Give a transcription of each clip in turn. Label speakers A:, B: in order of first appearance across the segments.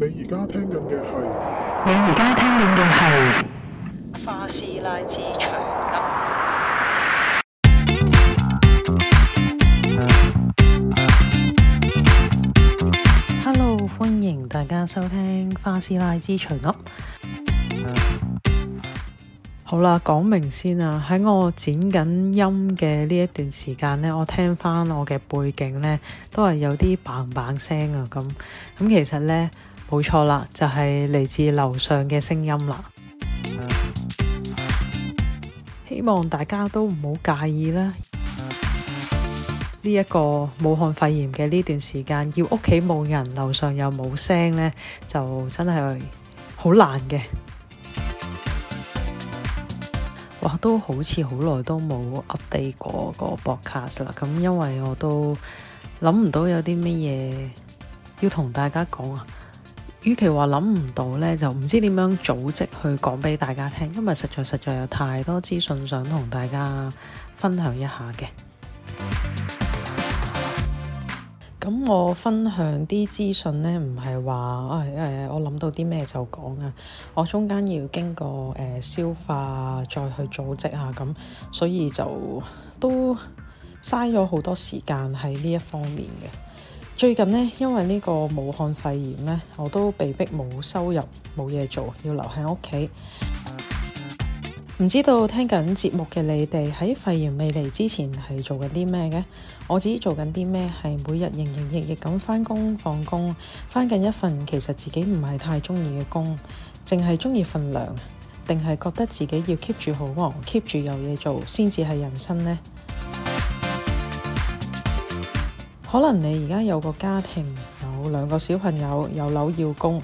A: 你而家聽緊嘅係，你而家聽緊嘅係花師奶之長鴿。Hello，歡迎大家收聽花師奶之長鴿。 好啦，講明先啊，喺我剪緊音嘅呢一段時間呢，我聽翻我嘅背景呢，都係有啲棒棒聲啊，咁咁其實呢。冇錯啦，就係嚟自樓上嘅聲音啦。希望大家都唔好介意啦。呢一個武漢肺炎嘅呢段時間，要屋企冇人，樓上又冇聲呢，就真係好難嘅。哇，都好似好耐都冇 update 過個 broadcast 啦。咁因為我都諗唔到有啲咩嘢要同大家講啊。與其話諗唔到呢，就唔知點樣組織去講俾大家聽。因為實在實在有太多資訊想同大家分享一下嘅。咁 我分享啲資訊呢，唔係話啊誒，我諗到啲咩就講啊。我中間要經過誒消化，再去組織啊，咁所以就都嘥咗好多時間喺呢一方面嘅。最近呢，因為呢個武漢肺炎呢，我都被逼冇收入、冇嘢做，要留喺屋企。唔 知道聽緊節目嘅你哋喺肺炎未嚟之前係做緊啲咩嘅？我自己做緊啲咩？係每日營營役役咁返工放工，返緊一份其實自己唔係太中意嘅工，淨係中意份糧，定係覺得自己要 keep 住好忙、keep 住有嘢做先至係人生呢？可能你而家有個家庭，有兩個小朋友，有樓要供。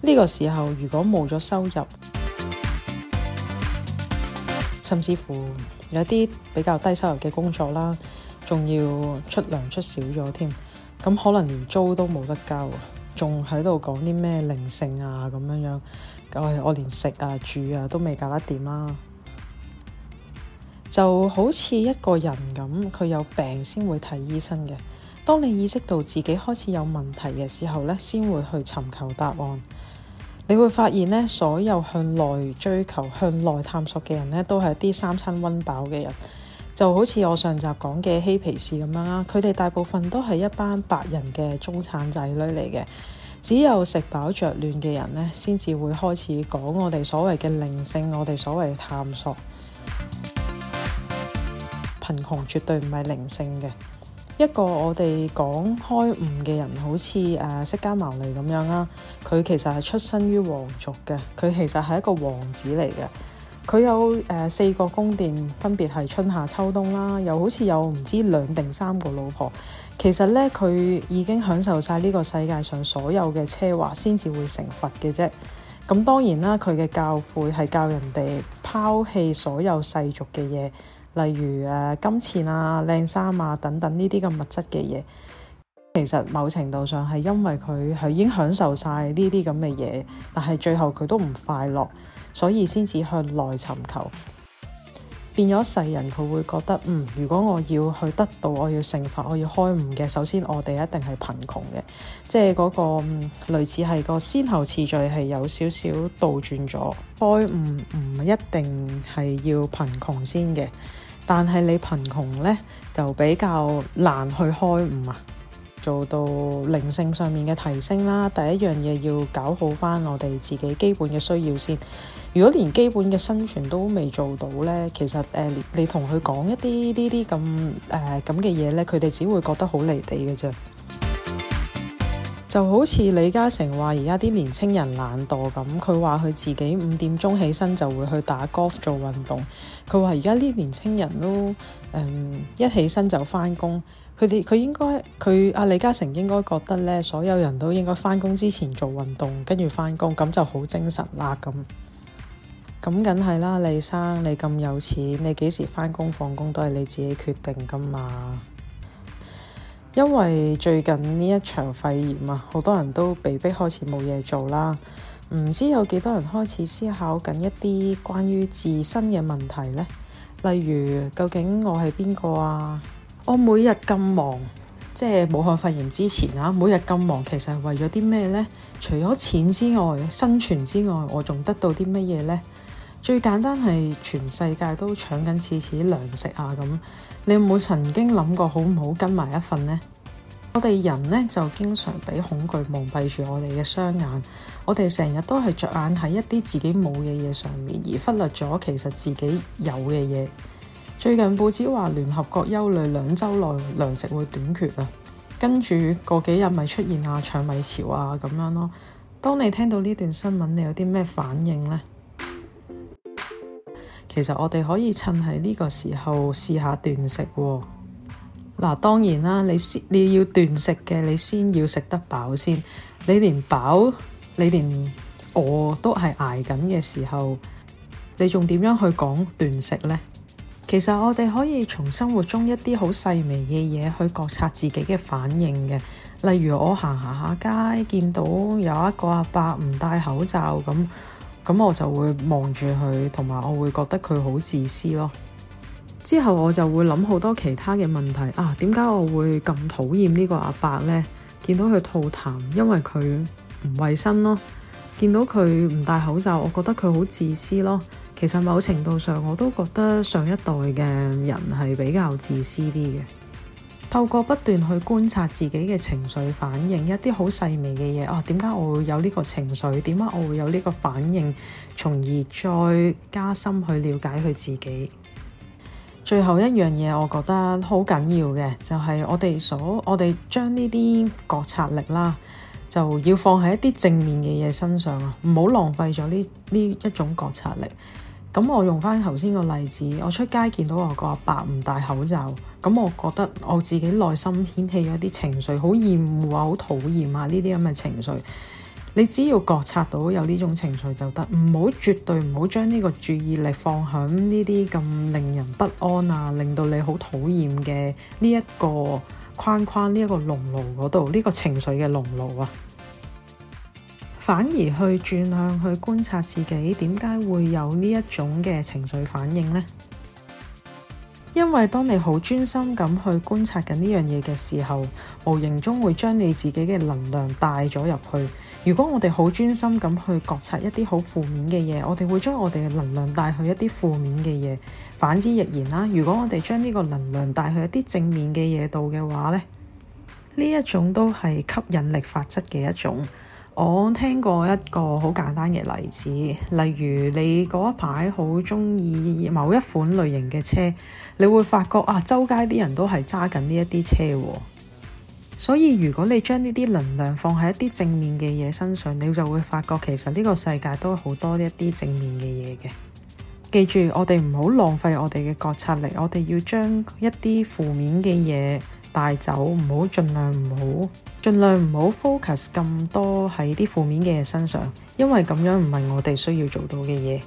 A: 呢個時候如果冇咗收入，甚至乎有啲比較低收入嘅工作啦，仲要出糧出少咗添。咁可能連租都冇得交，仲喺度講啲咩靈性啊咁樣樣。我我連食啊住啊都未搞得掂啦，就好似一個人咁，佢有病先會睇醫生嘅。當你意識到自己開始有問題嘅時候咧，先會去尋求答案。你會發現咧，所有向內追求，向內探索嘅人咧，都係啲三餐溫飽嘅人。就好似我上集講嘅嬉皮士咁樣啦，佢哋大部分都係一班白人嘅中產仔女嚟嘅。只有食飽着暖嘅人呢，先至會開始講我哋所謂嘅靈性，我哋所謂探索。貧窮絕對唔係靈性嘅。一個我哋講開悟嘅人，好似誒釋迦牟尼咁樣啦，佢其實係出身於皇族嘅，佢其實係一個王子嚟嘅，佢有誒、呃、四個宮殿，分別係春夏秋冬啦，又好似有唔知兩定三個老婆，其實咧佢已經享受晒呢個世界上所有嘅奢華，先至會成佛嘅啫。咁當然啦，佢嘅教誨係教人哋拋棄所有世俗嘅嘢。例如誒金錢啊、靚衫啊等等呢啲咁物質嘅嘢，其實某程度上係因為佢佢已經享受晒呢啲咁嘅嘢，但係最後佢都唔快樂，所以先至向內尋求，變咗世人佢會覺得嗯，如果我要去得到，我要成佛，我要開悟嘅，首先我哋一定係貧窮嘅，即係嗰、嗰個、嗯、類似係個先後次序係有少少倒轉咗，開悟唔一定係要貧窮先嘅。但係你貧窮呢，就比較難去開悟啊，做到靈性上面嘅提升啦，第一樣嘢要搞好返我哋自己基本嘅需要先。如果連基本嘅生存都未做到呢，其實誒、呃、你同佢講一啲呢啲咁誒咁嘅嘢呢，佢哋只會覺得好離地嘅啫。就好似李嘉誠話而家啲年青人懶惰咁，佢話佢自己五點鐘起身就會去打 golf 做運動。佢話而家啲年青人都誒、嗯，一起身就翻工。佢哋佢應該佢阿李嘉誠應該覺得呢，所有人都應該翻工之前做運動，跟住翻工咁就好精神啦。咁咁梗係啦，李生你咁有錢，你幾時翻工放工都係你自己決定噶嘛。因為最近呢一場肺炎啊，好多人都被逼開始冇嘢做啦，唔知有幾多人開始思考緊一啲關於自身嘅問題呢？例如，究竟我係邊個啊？我每日咁忙，即係武漢肺炎之前啊，每日咁忙其實係為咗啲咩呢？除咗錢之外、生存之外，我仲得到啲乜嘢呢？最簡單係全世界都搶緊次次糧食啊咁，你有冇曾經諗過好唔好跟埋一份呢？我哋人呢，就經常俾恐懼蒙蔽住我哋嘅雙眼，我哋成日都係着眼喺一啲自己冇嘅嘢上面，而忽略咗其實自己有嘅嘢。最近報紙話聯合國憂慮兩週內糧食會短缺啊，跟住過幾日咪出現啊搶米潮啊咁樣咯。當你聽到呢段新聞，你有啲咩反應呢？其實我哋可以趁喺呢個時候試下斷食喎。嗱，當然啦，你先你要斷食嘅，你先要食得飽先。你連飽，你連餓都係捱緊嘅時候，你仲點樣去講斷食呢？其實我哋可以從生活中一啲好細微嘅嘢去覺察自己嘅反應嘅，例如我行行下街，見到有一個阿伯唔戴口罩咁。咁我就會望住佢，同埋我會覺得佢好自私咯。之後我就會諗好多其他嘅問題啊，點解我會咁討厭呢個阿伯呢？見到佢吐痰，因為佢唔衞生咯；見到佢唔戴口罩，我覺得佢好自私咯。其實某程度上，我都覺得上一代嘅人係比較自私啲嘅。透過不斷去觀察自己嘅情緒反應，一啲好細微嘅嘢，哦、啊，點解我會有呢個情緒？點解我會有呢個反應？從而再加深去了解佢自己。最後一樣嘢，我覺得好緊要嘅，就係、是、我哋所我哋將呢啲覺察力啦，就要放喺一啲正面嘅嘢身上啊，唔好浪費咗呢呢一種覺察力。咁我用翻頭先個例子，我出街見到我個阿伯唔戴口罩，咁我覺得我自己內心掀起咗一啲情緒，好厭惡啊，好討厭啊，呢啲咁嘅情緒。你只要覺察到有呢種情緒就得，唔好，絕對唔好將呢個注意力放響呢啲咁令人不安啊，令到你好討厭嘅呢一個框框、呢一個龍路嗰度，呢個情緒嘅龍路啊。反而去轉向去觀察自己，點解會有呢一種嘅情緒反應呢？因為當你好專心咁去觀察緊呢樣嘢嘅時候，無形中會將你自己嘅能量帶咗入去。如果我哋好專心咁去覺察一啲好負面嘅嘢，我哋會將我哋嘅能量帶去一啲負面嘅嘢。反之亦然啦。如果我哋將呢個能量帶去一啲正面嘅嘢度嘅話呢，呢一種都係吸引力法則嘅一種。我聽過一個好簡單嘅例子，例如你嗰一排好中意某一款類型嘅車，你會發覺啊，周街啲人都係揸緊呢一啲車喎。所以如果你將呢啲能量放喺一啲正面嘅嘢身上，你就會發覺其實呢個世界都好多一啲正面嘅嘢嘅。記住，我哋唔好浪費我哋嘅覺察力，我哋要將一啲負面嘅嘢帶走，唔好盡量唔好，盡量唔好 focus 咁多喺啲負面嘅嘢身上，因為咁樣唔係我哋需要做到嘅嘢。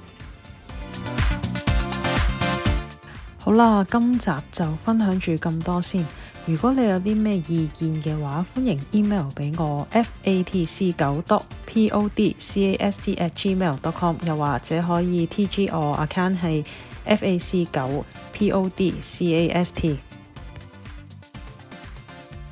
A: 好啦，今集就分享住咁多先。如果你有啲咩意見嘅話，歡迎 email 俾我 f a t c 九 dot p o d c a s t at gmail dot com，又或者可以 t g 我 account 係 f a c 九 p o d c a s t。